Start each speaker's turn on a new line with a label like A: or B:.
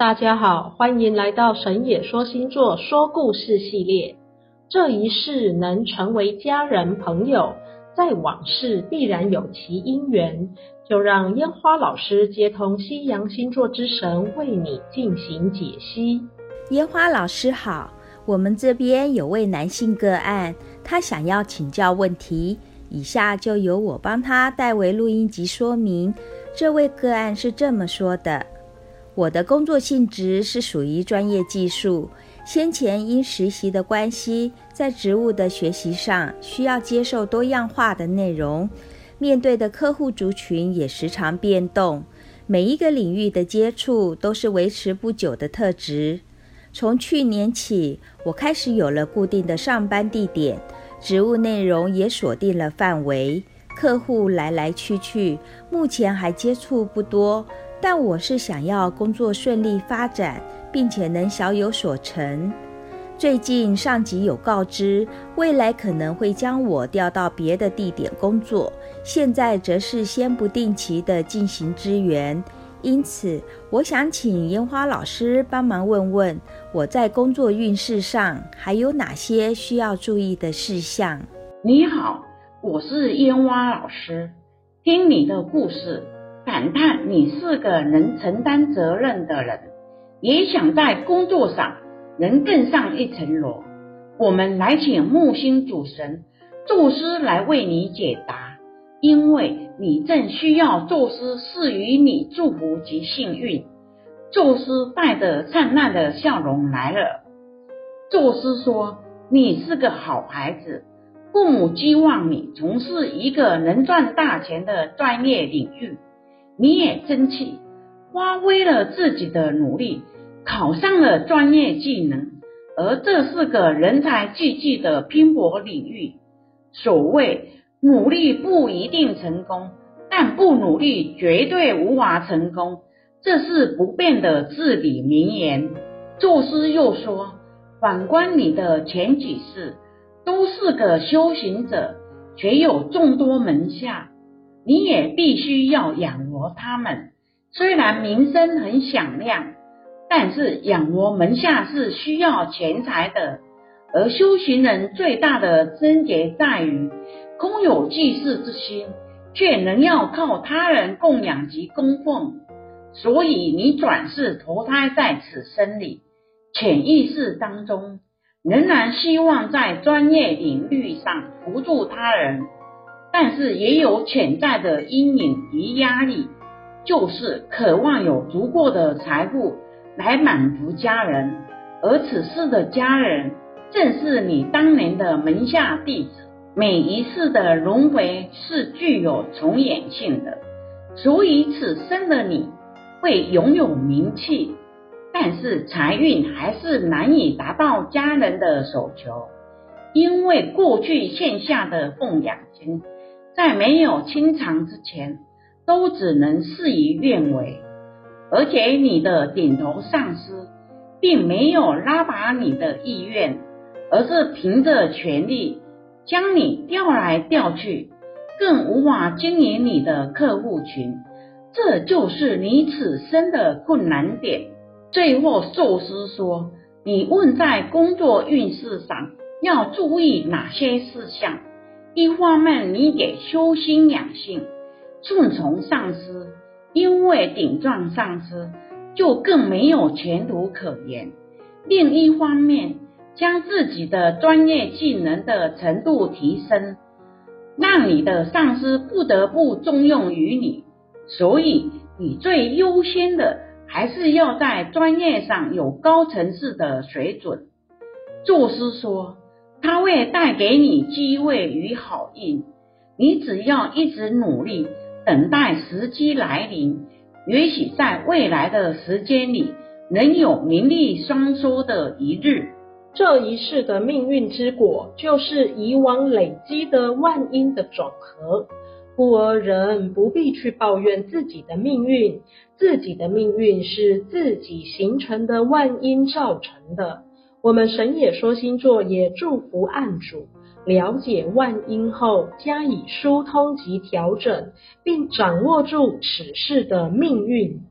A: 大家好，歡迎來到神野說星座說故事系列。這一世能成為家人朋友，在往世必然有其因緣，就讓煙花老師接通西洋星座之神為你
B: 進行解析。煙花老師好，我們這邊有位男性個案，他想要請教問題，以下就由我幫他代為錄音及說明。這位個案是這麼說的。我的工作性質是屬於專業技術。先前因實習的關係，在職務的學習上需要接受多樣化的內容，面對的客戶族群也時常變動。每一個領域的接觸都是維持不久的特質。從去年起，我開始有了固定的上班地點，職務內容也鎖定了範圍。客戶來來去去，目前還接觸不多，但我是想要工作順利發展，並且能小有所成。最近上級有告知，未來可能會將我調到別的地點工作，現在則是先不定期的進行支援。因此，我想請煙花老師幫忙問問，我在工作運勢上還有哪些需要注意的事項？你好。我是煙花老師，
C: 聽你的故事，感嘆你是個能承擔責任的人，也想在工作上能更上一層樓。我們來請木星主神宙斯來為你解答，因為你正需要宙斯賜予你祝福及幸運。宙斯帶着燦爛的笑容來了，宙斯說：“你是個好孩子。”父母期望你從事一個能賺大錢的專業領域，你也爭氣，發揮了自己的努力，考上了專業技能，而這是個人才濟濟的拼搏領域。所謂努力不一定成功，但不努力絕對無法成功，這是不變的至理名言。作詩又說，反觀你的前幾世。都是個修行者，卻有眾多門下，你也必須要養活他們。雖然名聲很響亮，但是養活門下是需要錢財的。而修行人最大的症結在於，空有濟世之心，卻仍要靠他人供養及供奉。所以你轉世投胎在此生裡，潛意識當中。仍然希望在專業領域上扶助他人，但是也有潛在的陰影與壓力，就是渴望有足夠的財富來滿足家人。而此世的家人正是你當年的門下弟子。每一世的輪迴是具有重演性的，所以此生的你會擁有名氣。但是財運還是難以達到家人的所求，因為過去欠下的供養金，在沒有清償之前，都只能事與願違。而且你的頂頭上司並沒有拉拔你的意願，而是憑着權力將你調來調去，更無法經營你的客戶群。這就是你此生的困難點。最後，壽司說：“你問在工作運勢上要注意哪些事項？一方面，你得修心養性，順從上司，因為頂撞上司就更沒有前途可言；另一方面，將自己的專業技能的程度提升，讓你的上司不得不重用於你。所以，你最優先的。”還是要在專業上有高層次的水準。宙斯說，他會帶給你機會與好運，你只要一直努力，等待時機來臨，也許在未來的時間裡能有名利雙收的一日。這一世的命運之果，
A: 就是以往累積的萬因的總和。故而人不必去抱怨自己的命運，自己的命運是自己形成的萬因造成的。我們神野說星座也祝福案主，了解萬因後加以疏通及調整，並掌握住此事的命運。